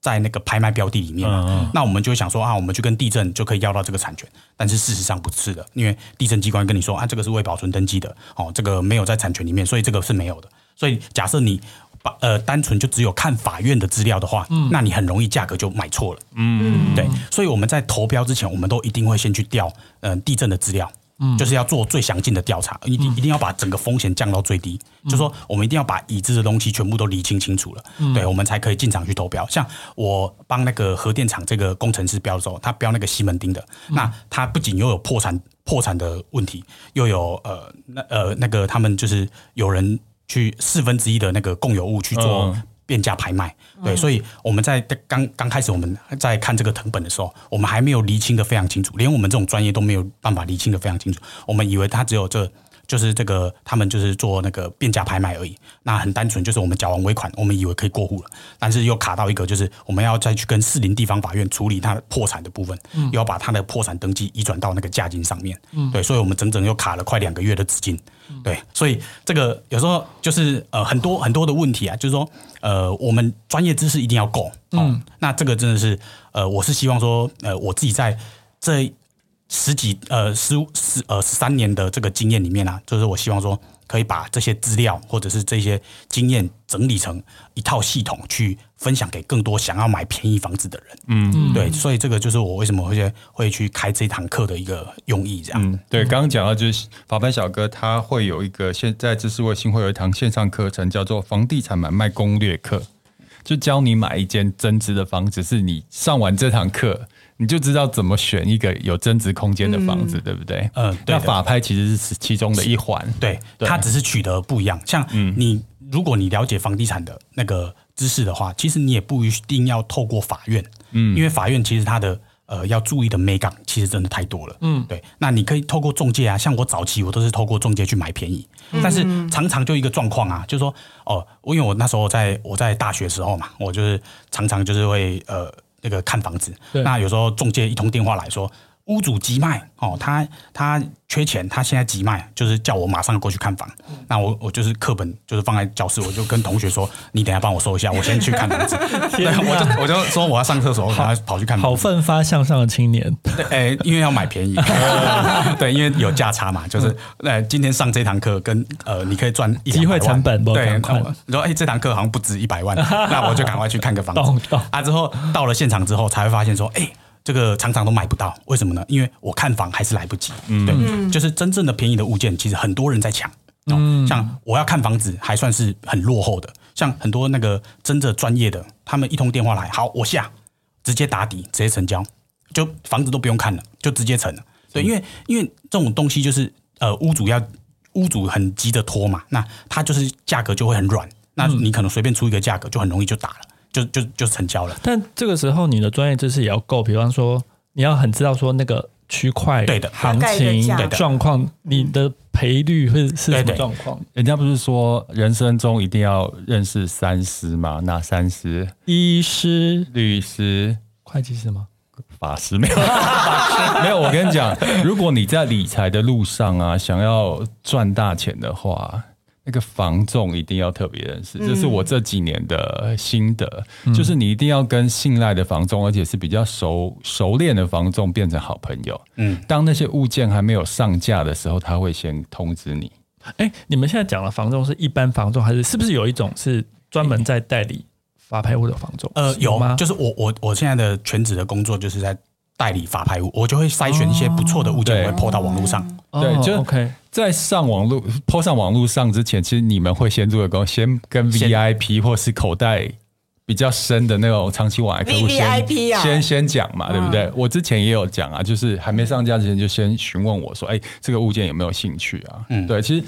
在那個拍賣標的裡面，嗯。那我們就想說啊，我們去跟地政就可以要到這個產權。但是事實上不是的，因為地政機關跟你說啊，這個是未保存登記的，哦，這個沒有在產權裡面，所以這個是沒有的。所以假設你把呃單純就只有看法院的資料的話，嗯，那你很容易價格就買錯了。嗯，對。所以我們在投標之前，我們都一定會先去調嗯、呃、地政的資料。就是要做最詳盡的調查，一定一定要把整個風險降到最低、嗯。就說我們一定要把已知的東西全部都理清清楚了，嗯、對，我們才可以進場去投標。像我幫那個核電廠這個工程師標的時候，他標那個西門町的，嗯、那他不僅又有破產破產的問題，又有呃那呃那個他們就是有人去四分之一的那個共有物去做。嗯變價拍賣，對，嗯，所以我們在剛剛開始我們在看這個謄本的時候，我們還沒有釐清得非常清楚，連我們這種專業都沒有辦法釐清得非常清楚，我們以為它只有這。就是這個，他們就是做那個變價拍賣而已。那很單純，就是我們繳完尾款，我們以為可以過戶了，但是又卡到一個，就是我們要再去跟士林地方法院處理他的破產的部分、嗯，又要把他的破產登記移轉到那個價金上面，嗯，對，所以我們整整又卡了快兩個月的資金，嗯、對，所以這個有時候就是呃，很多很多的問題啊，就是說呃，我們專業知識一定要夠，哦、嗯，那這個真的是呃，我是希望說呃，我自己在這。十幾呃十十呃十三年的這個經驗裡面呢、啊，就是我希望說可以把這些資料或者是這些經驗整理成一套系統，去分享給更多想要買便宜房子的人。嗯，對，所以這個就是我為什麼會,會去開這堂課的一個用意，這樣。嗯、對，剛剛講到就是法拍小哥他會有一個現在知識衛星會有一堂線上課程，叫做房地產買賣攻略課，就教你買一間增值的房子。是你上完這堂課。你就知道怎麼選一個有增值空間的房子，嗯，對不對？嗯、呃，那法拍其實是其中的一環，對，對，它只是取得不一樣。像你，嗯，如果你了解房地產的那個知識的話，其實你也不一定要透過法院，嗯，因為法院其實它的呃要注意的眉角其實真的太多了，嗯，對。那你可以透過仲介啊，像我早期我都是透過仲介去買便宜，嗯嗯，但是常常就一個狀況啊，就是說哦，呃，因為我那時候我在我在大學時候嘛，我就是常常就是會呃。那、這個看房子，那有時候仲介一通電話來說，屋主急賣哦，他他缺錢，他現在急賣，就是叫我馬上過去看房。那我我就是課本就是放在教室，我就跟同學說：“你等下幫我收一下，我先去看房子。啊”我就我就說我要上廁所，我要跑去看房子。好奮發向上的青年，哎、欸，因為要買便宜， 對，對，因為有價差嘛，就是、欸、今天上這堂課跟呃，你可以賺一百萬。機會成本，對，那我你說哎，這堂課好像不止一百萬， 那我就趕快去看個房子。啊，之後到了現場之後才會發現說，哎、欸。這個常常都買不到，為什麼呢？因為我看房還是來不及。嗯、對，就是真正的便宜的物件，其實很多人在搶、嗯哦。像我要看房子還算是很落後的，像很多那個真正專業的，他們一通電話來，好，我下直接打底，直接成交，就房子都不用看了，就直接成了。嗯、對，因為因為這種東西就是呃，屋主要屋主很急著拖嘛，那他就是價格就會很軟，那你可能隨便出一個價格就很容易就打了。就就就成交了，但這個時候你的專業知識也要夠，比方說你要很知道說那個區塊行情的狀況，你的賠率會是什麼狀況？人家不是說人生中一定要認識三師嗎？哪三師？醫師、律師、會計師嗎？法師沒有， 沒有。我跟你講，如果你在理財的路上啊，想要賺大錢的話。那個房仲一定要特別認識，嗯，這是我這幾年的心得，嗯、就是你一定要跟信賴的房仲、嗯，而且是比較熟熟練的房仲變成好朋友。嗯，當那些物件還沒有上架的時候，他會先通知你。哎、欸，你們現在講的房仲是一般房仲，還是是不是有一種是專門在代理法拍物的房仲？欸？呃，有，就是我我我現在的全職的工作就是在。代理法拍物，我就會篩選一些不錯的物件，哦、我會拋到網絡上。對，哦、對就 OK，在上網絡拋、哦 okay. 上網絡上之前，其實你們會先做個工，先跟 VIP 或是口袋比較深的那種長期往來客戶先、啊、先先講嘛，對不對？嗯、我之前也有講啊，就是還沒上架之前就先詢問我說：“哎、欸，這個物件有沒有興趣啊？”嗯，對，其實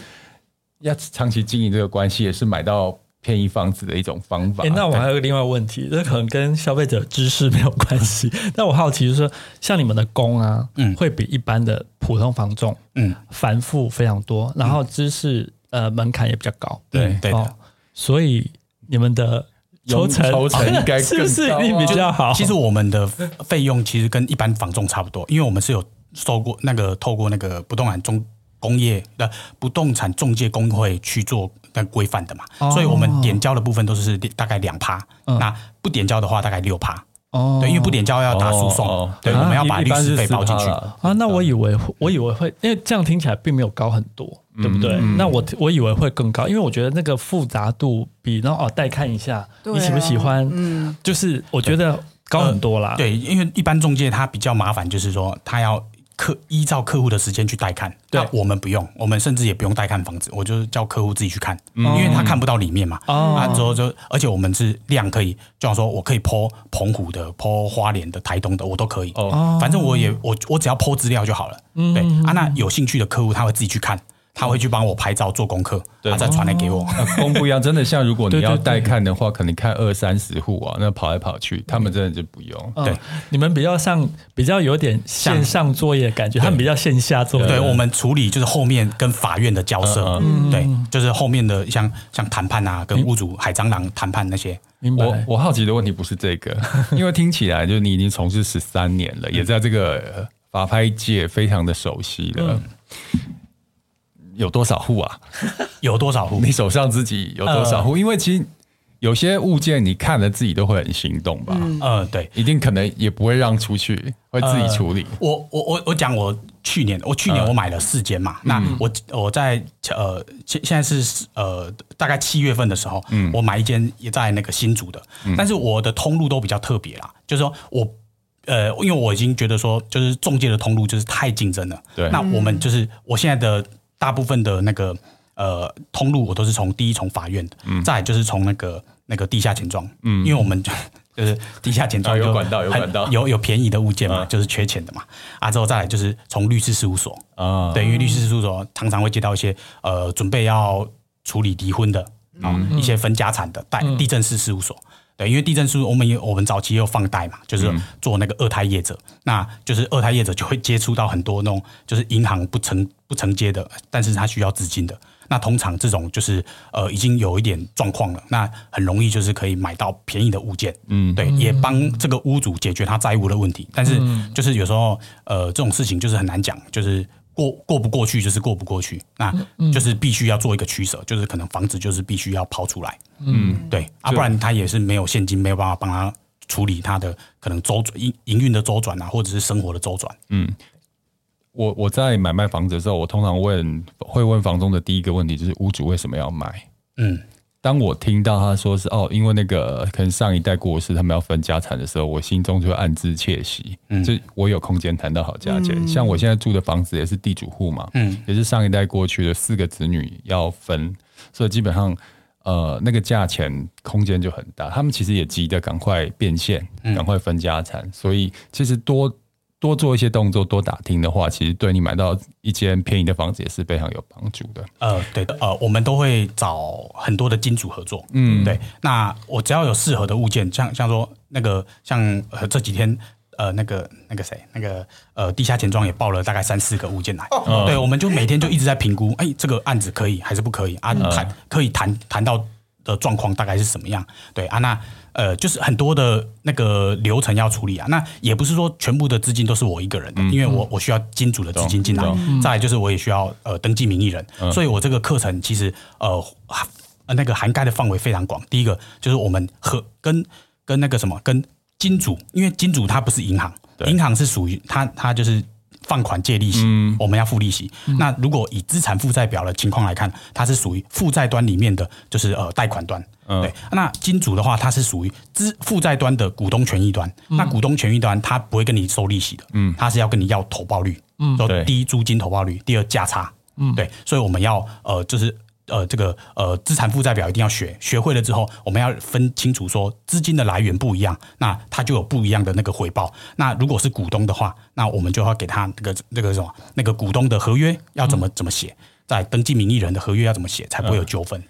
要長期經營這個關係也是買到。便宜房子的一種方法。欸、那我還有一個另外一個問題，這、欸就是，可能跟消費者知識沒有關係。那 我好奇就是說，像你們的工啊，嗯，會比一般的普通房仲，嗯，繁複非常多，嗯，然後知識、嗯，呃門檻也比較高，對、嗯、對、哦。所以你們的抽成，抽成應該、啊啊、是不是比較好？其實我們的費用其實跟一般房仲差不多，因為我們是有收過那個透過那個不動產中工業的不動產中介工會去做。但規範的嘛，哦，所以我們點交的部分都是大概兩趴，哦，那不點交的話大概六趴。哦，對，因為不點交要打訴訟，哦對，哦，對，我們要把律師費包進去。啊，啊，那我以為我以為會，因為這樣聽起來並沒有高很多，對不對？嗯嗯，那我我以為會更高，因為我覺得那個複雜度比那哦，帶看一下，啊，你喜不喜歡？嗯，就是我覺得高很多啦對，嗯。對，因為一般仲介他比較麻煩，就是說他要。客依照客戶的時間去帶看對，對、啊，我們不用，我們甚至也不用帶看房子，我就叫客戶自己去看，嗯、因為他看不到裡面嘛。啊、嗯，之後就而且我們是量可以，就好像說我可以 PO 澎湖的、PO 花蓮的、台東的，我都可以。哦，反正我也我我只要 PO 資料就好了。對、嗯、啊，那有興趣的客戶他會自己去看。嗯他會去幫我拍照做功課，他再傳來給我。功、哦、不一樣，真的像如果你要帶看的話， 對對對對可能看二三十戶啊，那跑來跑去，嗯、他們真的就不用。哦、對，你們比較像比較有點線上作業的感覺，他們比較線下作業對。對，我們處理就是後面跟法院的交涉嗯嗯，對，就是後面的像像談判啊，跟屋主、海蟑螂談判那些。我我好奇的問題不是這個，嗯、因為聽起來就是你已經從事十三年了， 也在這個法拍界非常的熟悉了。嗯有多少戶啊？ 有多少戶？你手上自己有多少戶、呃？因為其實有些物件你看了自己都會很心動吧？嗯、呃，對，一定可能也不會讓出去，會自己處理。呃、我我我我講，我去年我去年我買了四間嘛、呃。那我我在、嗯、呃現現在是呃大概七月份的時候，嗯，我買一間也在那個新竹的、嗯，但是我的通路都比較特別啦。就是說我呃，因為我已經覺得說，就是中介的通路就是太競爭了。對，那我們就是我現在的。大部分的那個呃通路，我都是從第一從法院的。嗯、再來就是從那個那個地下錢莊、嗯，因為我們就是地下錢莊、啊、有管道有管道有有便宜的物件嘛、啊，就是缺錢的嘛，啊之後再來就是從律師事務所啊，對，因為律師事務所常常會接到一些呃準備要處理離婚的、啊嗯、一些分家產的帶地政士事務所。嗯嗯因為地震是我們也我們早期又放貸嘛，就是做那個二胎業者，嗯、那就是二胎業者就會接觸到很多那種就是銀行不承不承接的，但是他需要資金的，那通常這種就是呃已經有一點狀況了，那很容易就是可以買到便宜的物件，嗯，對，嗯、也幫這個屋主解決他債務的問題，但是就是有時候呃這種事情就是很難講，就是。過過不過去就是過不過去，那就是必須要做一個取捨，嗯，就是可能房子就是必須要拋出來，嗯，對啊，不然他也是沒有現金，沒有辦法幫他處理他的可能週轉營營運的週轉啊，或者是生活的週轉，嗯，我我在買賣房子的時候，我通常問會問房東的第一個問題就是屋主為什麼要買，嗯。當我聽到他說是哦，因為那個可能上一代過世，他們要分家產的時候，我心中就暗自竊喜、嗯，就我有空間談到好價錢、嗯。像我現在住的房子也是地主戶嘛，嗯，也是上一代過去的四個子女要分，所以基本上，呃，那個價錢空間就很大。他們其實也急著趕快變現，趕快分家產、嗯，所以其實多。多做一些動作，多打聽的話，其實對你買到一間便宜的房子也是非常有幫助的。呃，對的，呃，我們都會找很多的金主合作。嗯，對。那我只要有適合的物件，像像說那個，像呃這幾天呃那個那個誰，那個、那個那個、呃地下錢莊也報了大概三四個物件來、哦。對，我們就每天就一直在評估，哎、欸，這個案子可以還是不可以啊？談、嗯、可以談談到的狀況大概是什麼樣？對啊，那。呃，就是很多的那個流程要處理啊，那也不是說全部的資金都是我一個人，嗯嗯，因為我我需要金主的資金進來，嗯嗯，再來就是我也需要呃登記名義人，嗯嗯，所以我這個課程其實呃，那個涵蓋的範圍非常廣。第一個就是我們和跟跟那個什麼跟金主，因為金主他不是銀行，對，銀行是屬於他他就是。放款借利息，嗯，我們要付利息。嗯，那如果以資產負債表的情況來看，它是屬於負債端裡面的就是呃貸款端，嗯，對。那金主的話，它是屬於資負債端的股東權益端。嗯，那股東權益端，它不會跟你收利息的，嗯，它是要跟你要投報率，嗯，第一租金投報率，第二價差，嗯，對。所以我們要呃就是。呃，這個呃，資產負債表一定要學，學會了之後，我們要分清楚，說資金的來源不一樣，那它就有不一樣的那個回報。那如果是股東的話，那我們就要給他那個那、這個什麼，那個股東的合約要怎麼、嗯、怎麼寫，在登記名義人的合約要怎麼寫，才不會有糾紛、嗯。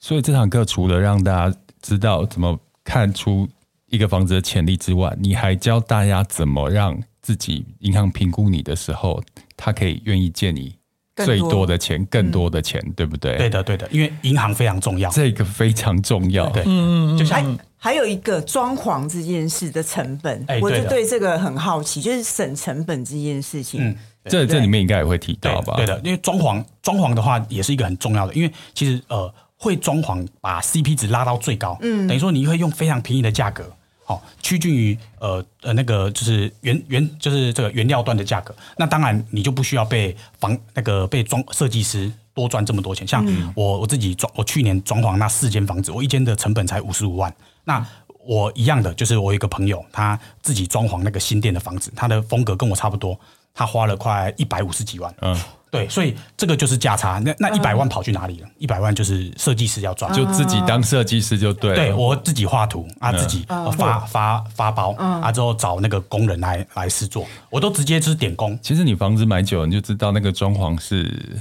所以這堂課除了讓大家知道怎麼看出一個房子的潛力之外，你還教大家怎麼讓自己銀行評估你的時候，他可以願意借你多最多的錢，更多的錢、嗯，對不對？對的，對的，因為銀行非常重要，這個非常重要。對，嗯嗯嗯。就像、嗯、還，還有一個裝潢這件事的成本，我就對這個很好奇，就是省成本這件事情。嗯，這這裡面應該也會提到吧？對，對的，因為裝潢裝潢的話也是一個很重要的，因為其實呃，會裝潢把 CP 值拉到最高，嗯，等於說你會用非常便宜的價格。好，趨近於呃、呃、那個就是原原就是這個原料端的價格。那當然你就不需要被房那個被裝設計師多賺這麼多錢。像我我自己裝，我去年裝潢那四間房子，我一間的成本才五十五萬。那我一樣的，就是我一個朋友他自己裝潢那個新店的房子，他的風格跟我差不多，他花了快一百五十幾萬。嗯。對，所以這個就是價差。那那一百萬跑去哪裡了？一百萬就是設計師要賺，就自己當設計師就對了。對，我自己畫圖啊、嗯，自己發、嗯、發發包、嗯、啊，之後找那個工人來來試做。我都直接就是點工。其實你房子買久，你就知道那個裝潢是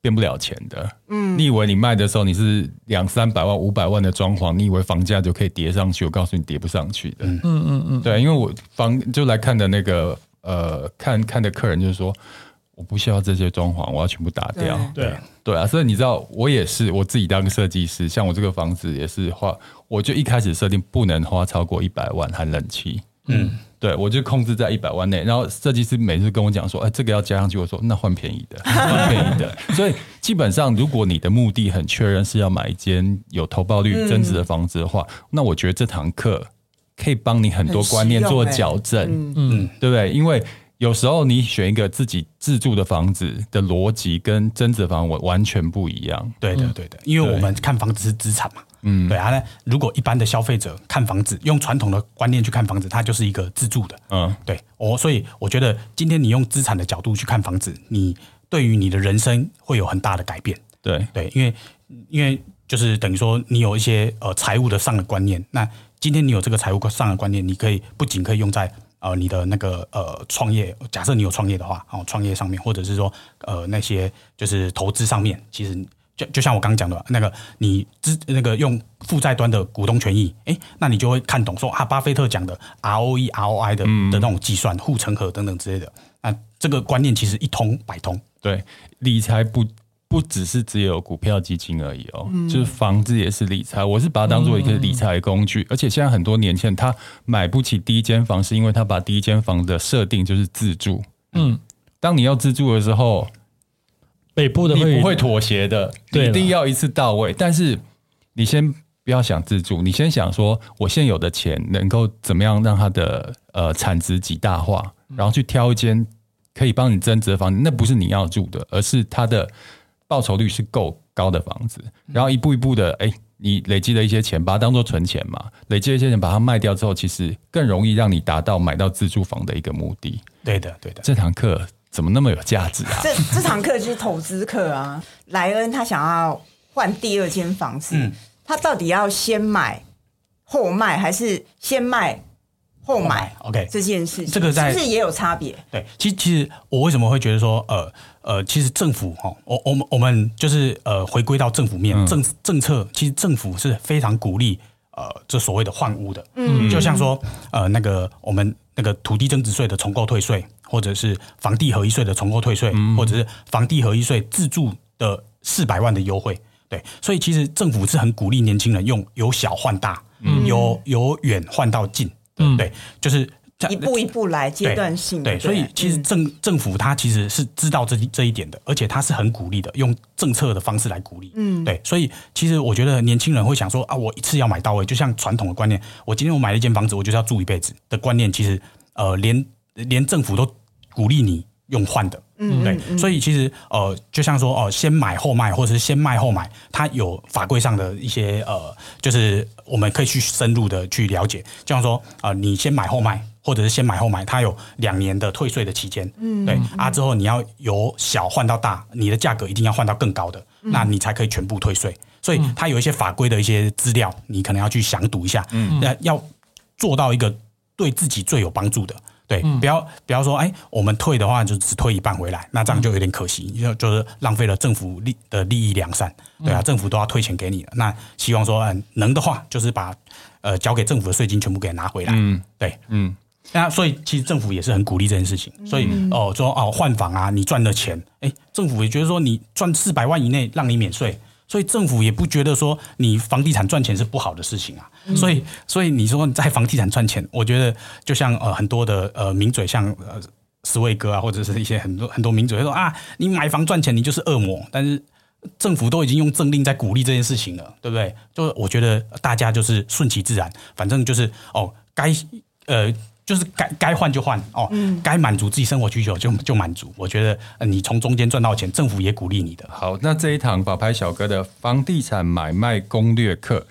變不了錢的。嗯，你以為你賣的時候你是兩三百萬、五百萬的裝潢，你以為房價就可以疊上去？我告訴你，疊不上去的。嗯嗯嗯。對，因為我房就來看的那個呃，看看的客人就是說。我不需要這些裝潢，我要全部打掉。對啊對,啊對啊，所以你知道，我也是我自己當個設計師。像我這個房子也是花，我就一開始設定不能花超過一百萬，含冷氣。嗯，對，我就控制在一百萬內。然後設計師每次跟我講說：“哎，這個要加上去。”我說：“那換便宜的，換便宜的。 ”所以基本上，如果你的目的很確認是要買一間有投報率增值的房子的話，嗯、那我覺得這堂課可以幫你很多觀念、欸、做矯正嗯。嗯，對不對？因為有時候你選一個自己自住的房子的邏輯跟增值房完全不一樣，嗯。對的，對的，因為我們看房子是資產嘛。嗯，對啊。那如果一般的消費者看房子，用傳統的觀念去看房子，它就是一個自住的。嗯，對。我所以我覺得今天你用資產的角度去看房子，你對於你的人生會有很大的改變。對對，因為因為就是等於說你有一些呃財務的上的觀念。那今天你有這個財務上的觀念，你可以不僅可以用在。呃，你的那個呃，創業，假設你有創業的話，哦，創業上面，或者是說，呃，那些就是投資上面，其實就就像我剛剛講的那個你，你資那個用負債端的股東權益，誒、欸，那你就會看懂說啊，巴菲特講的 ROE、ROI 的、嗯、的那種計算、護城河等等之類的，那這個觀念其實一通百通，對，理財不。不只是只有股票基金而已哦，嗯、就是房子也是理財。我是把它當做一個理財工具嗯嗯，而且現在很多年輕人他買不起第一間房，是因為他把第一間房的設定就是自住。嗯，當你要自住的時候，北部的你不會妥協的。對，一定要一次到位。但是你先不要想自住，你先想說，我現有的錢能夠怎麼樣讓它的呃產值極大化，然後去挑一間可以幫你增值的房子、嗯。那不是你要住的，而是它的。報酬率是夠高的房子，然後一步一步的，哎、欸，你累積了一些錢，把它當做存錢嘛，累積了一些錢把它賣掉之後，其實更容易讓你達到買到自住房的一個目的。對的，對的。這堂課怎麼那麼有價值啊？這這堂課就是投資課啊。萊 恩他想要換第二間房子，嗯，他到底要先買後賣，還是先賣後買，後買？OK，這件事情，這個是不是也有差別？對，其其實我為什麼會覺得說，呃。呃，其實政府哈、哦，我我們我們就是呃，回歸到政府面政政策，其實政府是非常鼓勵呃，這所謂的換屋的，嗯，就像說呃那個我們那個土地增值稅的重購退稅，或者是房地合一稅的重購退稅，嗯、或者是房地合一稅自住的四百萬的優惠，對，所以其實政府是很鼓勵年輕人用由小換大，嗯、由由遠換到近，嗯，對，就是。一步一步來，階段性對，對，對，所以其實政、嗯、政府他其實是知道這這一點的，而且他是很鼓勵的，用政策的方式來鼓勵。嗯，對，所以其實我覺得年輕人會想說啊，我一次要買到位，就像傳統的觀念，我今天我買了一間房子，我就是要住一輩子的觀念，其實呃，連連政府都鼓勵你用換的，嗯，對，所以其實呃，就像說哦、呃，先買後賣，或者是先賣後買，它有法規上的一些呃，就是我們可以去深入的去了解，就像說啊、呃，你先買後賣。或者是先買後買，它有兩年的退稅的期間，嗯，對啊，之後你要由小換到大，你的價格一定要換到更高的，那你才可以全部退稅。所以它有一些法規的一些資料，你可能要去詳讀一下，嗯，那要做到一個對自己最有幫助的，對、嗯，不要，不要說，哎、欸，我們退的話就只退一半回來，那這樣就有點可惜，就就是浪費了政府利的利益良善，對啊，政府都要退錢給你，那希望說嗯，能的話，就是把呃交給政府的稅金全部給拿回來，嗯，對，嗯。那、啊、所以其實政府也是很鼓勵這件事情，所以哦說哦換房啊，你賺了錢，誒、欸，政府也覺得說你賺四百萬以內讓你免稅，所以政府也不覺得說你房地產賺錢是不好的事情啊，所以所以你說你在房地產賺錢，我覺得就像呃很多的呃名嘴像呃思維哥啊，或者是一些很多很多名嘴他說啊你買房賺錢你就是惡魔，但是政府都已經用政令在鼓勵這件事情了，對不對？就是我覺得大家就是順其自然，反正就是哦該呃。就是該該換就換哦、嗯，該滿足自己生活需求就就，就滿足。我覺得你從中間賺到錢，政府也鼓勵你的。好，那這一堂法拍小哥的房地產買賣攻略課，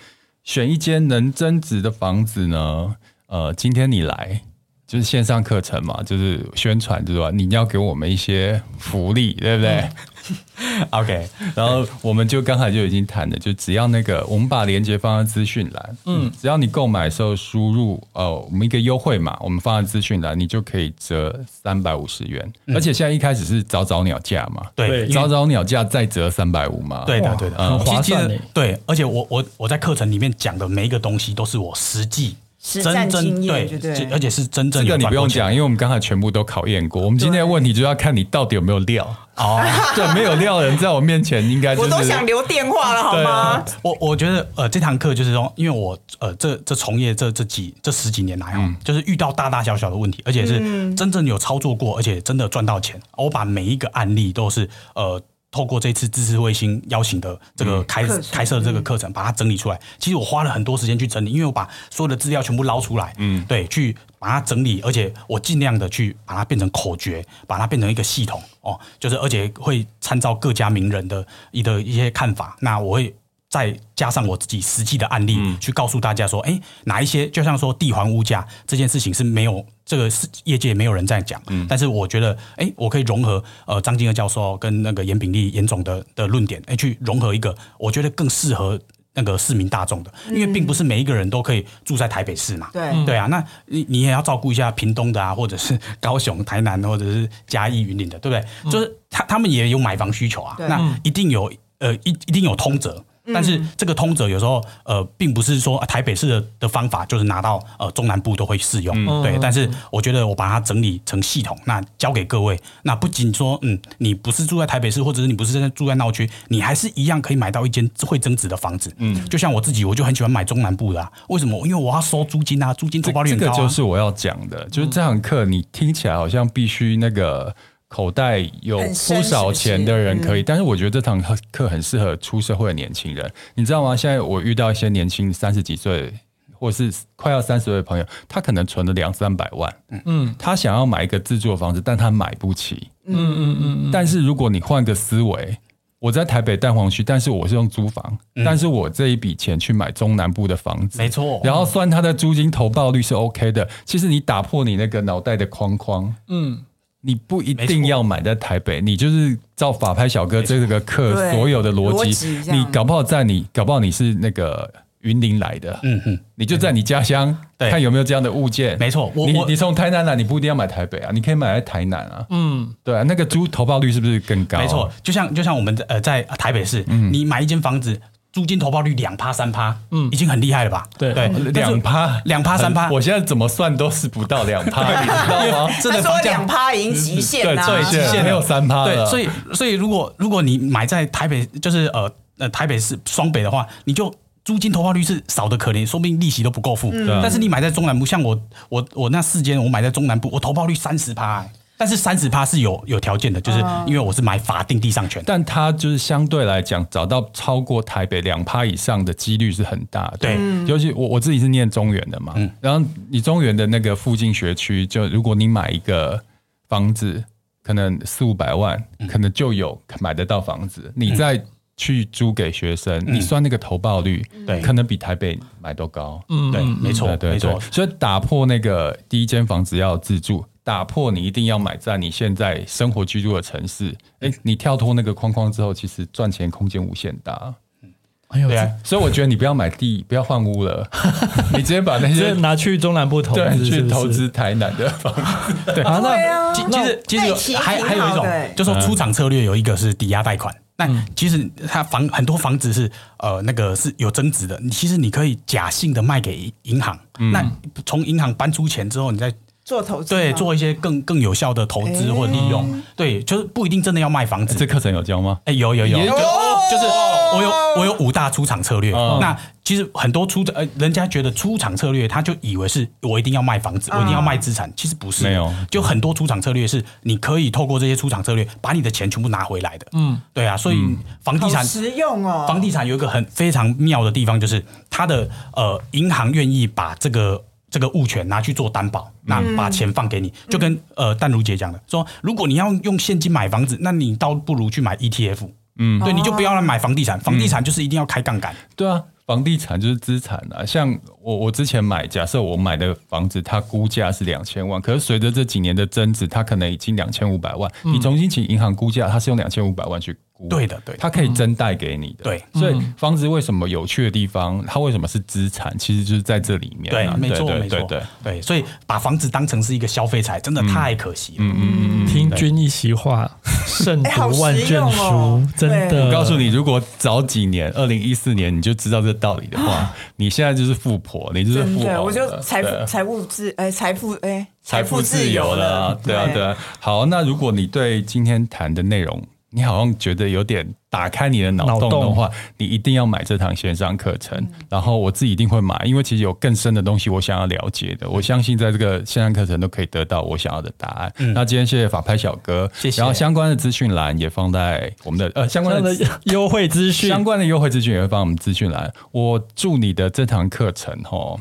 選一間能增值的房子呢，呃，今天你來就是線上課程嘛，就是宣傳，對吧？你要給我們一些福利，對不對？嗯 OK，然後我們就剛才就已經談了，就只要那個我們把鏈接放在資訊欄，嗯，只要你購買的時候輸入呃、哦、我們一個優惠碼，我們放在資訊欄，你就可以折三百五十元、嗯。而且現在一開始是早早鳥價嘛，對，早早鳥價再折三百五嘛，對的對的、嗯，很划算其實。對，而且我我我在課程裡面講的每一個東西都是我實際。實戰經驗，對，就是，對，而且是真正有料的。這個你不用講，因為我們剛才全部都考驗過。我們今天的問題，就是要看你到底有沒有料。哦， 對，沒有料的人在我面前應該，就是，應該我都想留電話了，好嗎？我我覺得，呃，這堂課就是說，因為我，呃，這這從業這這幾這十幾年來，嗯，就是遇到大大小小的問題，而且是真正有操作過，而且真的賺到錢，嗯。我把每一個案例都是呃。透過這次知識衛星邀請的這個開開設這個課程，把它整理出來。其實我花了很多時間去整理，因為我把所有的資料全部撈出來，嗯，對，去把它整理，而且我盡量的去把它變成口訣，把它變成一個系統哦，就是而且會參照各家名人的一的一些看法，那我會。再加上我自己實際的案例，去告訴大家說，哎、嗯，哪一些就像說地環物價這件事情是沒有這個是業界沒有人在講、嗯，但是我覺得，哎，我可以融合呃張金鶚教授跟那個顏炳立顏總的的論點誒，去融合一個我覺得更適合那個市民大眾的，嗯、因為並不是每一個人都可以住在台北市嘛，對、嗯、對啊，嗯、那你你也要照顧一下屏東的啊，或者是高雄、台南或者是嘉義、雲林的，對不對？嗯、就是他他們也有買房需求啊，嗯、那一定有呃一一定有通則。但是這個通則，有時候呃，並不是說台北市的、的方法就是拿到呃中南部都會適用，嗯，對。但是我覺得我把它整理成系統，那交給各位，那不僅說嗯，你不是住在台北市，或者是你不是在住在鬧區，你還是一樣可以買到一間會增值的房子。嗯，就像我自己，我就很喜歡買中南部的，啊，為什麼？因為我要收租金啊，租金租報率很高，啊欸。這個就是我要講的，就是這堂課你聽起來好像必須那個。口袋有不少錢的人可以，嗯、但是我覺得這堂課很適合出社會的年輕人，你知道嗎？現在我遇到一些年輕三十幾歲，或者是快要三十歲的朋友，他可能存了兩三百萬，嗯，他想要買一個自住的房子，但他買不起，嗯嗯嗯嗯。但是如果你換個思維，我在台北蛋黃區，但是我是用租房，嗯、但是我這一筆錢去買中南部的房子，沒錯、嗯，然後算他的租金投報率是 OK 的。其實你打破你那個腦袋的框框，嗯。你不一定要買在台北，你就是照法拍小哥這個課所有的邏輯，你搞不好在你搞不好你是那個雲林來的、嗯，你就在你家鄉看有沒有這樣的物件，沒錯，我你你從台南來，你不一定要買台北啊，你可以買在台南啊，嗯，對、啊，那個租投報率是不是更高？啊。沒錯，就像就像我們在呃在台北市，嗯、你買一間房子。租金投報率兩趴三趴，嗯，已經很厲害了吧，嗯？對，兩、嗯、趴，兩趴三趴。我現在怎麼算都是不到兩趴， 你知道嗎？ 真的說兩趴已經極限了啊。所以極限沒有三趴。對，所以所以如果如果你買在台北，就是呃呃台北市雙北的話，你就租金投報率是少的可憐，說不定利息都不夠付。嗯，但是你買在中南部，像我我我那四間，我買在中南部，我投報率三十趴。欸但是三十趴是有有條件的，就是因為我是買法定地上權的，但它就是相對來講找到超過台北兩趴以上的幾率是很大的。對，尤其我我自己是念中原的嘛、嗯，然後你中原的那個附近學區，就如果你買一個房子，可能四五百萬，嗯、可能就有買得到房子。嗯、你再去租給學生、嗯，你算那個投報率，對、嗯，可能比台北買都高。嗯，對，嗯、沒錯，對，對，對，沒錯。所以打破那個第一間房子要自住。打破你一定要買在你現在生活居住的城市，哎、欸，你跳脫那個框框之後，其實賺錢空間無限大。嗯、哎，對、啊，所以我覺得你不要買地，不要換屋了， 你直接把那些拿去中南部投資，去投資台南的房子是是對、啊啊。對啊，那其實那其實還、呃呃、還有一種，就是、說出場策略有一個是抵押貸款。那、嗯、其實它房很多房子是呃那個是有增值的，其實你可以假性的賣給銀行，嗯、那從銀行搬出錢之後你，你再。做投資對，做一些更更有效的投資或利用、欸，對，就是不一定真的要賣房子。欸、這課程有教嗎？哎、欸，有有有，有、欸就哦，就是我有我有五大出場策略，嗯。那其實很多出場呃，人家覺得出場策略，他就以為是我一定要賣房子，嗯、我一定要賣資產，其實不是、嗯，沒有。就很多出場策略是你可以透過這些出場策略把你的錢全部拿回來的。嗯，對啊，所以房地產、嗯、實用哦。房地產有一個很非常妙的地方，就是它的呃銀行願意把這個。這個物權拿去做擔保，那把錢放給你，嗯、就跟、嗯、呃，淡如姐講的說，如果你要用現金買房子，那你倒不如去買 ETF。嗯，對，你就不要來買房地產，房地產就是一定要開槓桿。嗯、對啊，房地產就是資產啊。像我，我之前買，假設我買的房子，它估價是兩千萬，可是隨着這幾年的增值，它可能已經兩千五百萬。你重新請銀行估價，它是用兩千五百萬去。對的，對的，它可以真帶給你的。對、嗯，所以房子為什麼有趣的地方，它為什麼是資產，其實就是在這裡面啊。對對對沒錯對對，對，對，對，對，所以把房子當成是一個消費財、嗯，真的太可惜了。嗯嗯嗯，嗯，聽君一席話，勝讀萬卷書。欸哦、真的，我告訴你，如果早幾年，二零一四年你就知道這道理的話，你現在就是富婆，你就是富婆，我就財財務自哎財富財富，自財富自由了。對啊對啊對，好，那如果你對今天談的內容，你好像覺得有點打開你的腦洞的話洞，你一定要買這堂線上課程、嗯。然後我自己一定會買，因為其實有更深的東西我想要了解的，嗯、我相信在這個線上課程都可以得到我想要的答案。嗯、那今天謝謝法拍小哥，謝謝然後相關的資訊欄也放在我們的謝謝呃相關的優惠資訊，相關的優惠資訊也會放我們資訊欄。我祝你的這堂課程哈。吼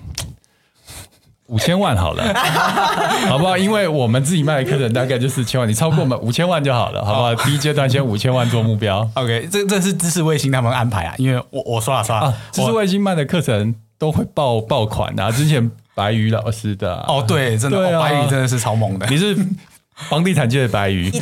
五千萬好了，好不好？因為我們自己賣的課程大概就四千萬，你超過我們五千萬就好了，好不好？第一階段先五千萬做目標。 OK，這這是知識衛星他們安排啊，因為我我刷了刷了啊，知識衛星賣的課程都會爆爆款的、啊。之前白宇老師的、啊、哦，對，真的，啊、白宇真的是超猛的。你是？房地產界的白魚，一定，一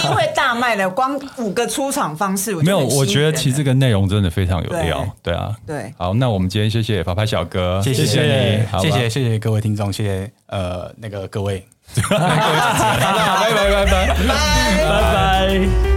定會大賣的。光五個出場方式， 沒有，我覺得其實這個內容真的非常有料。對啊，對。好，那我們今天謝謝法拍小哥，謝謝你，謝謝謝謝，好謝，謝，謝謝各位聽眾，謝謝呃那個各位，拜拜拜拜拜拜。 拜拜 Bye. Bye. Bye.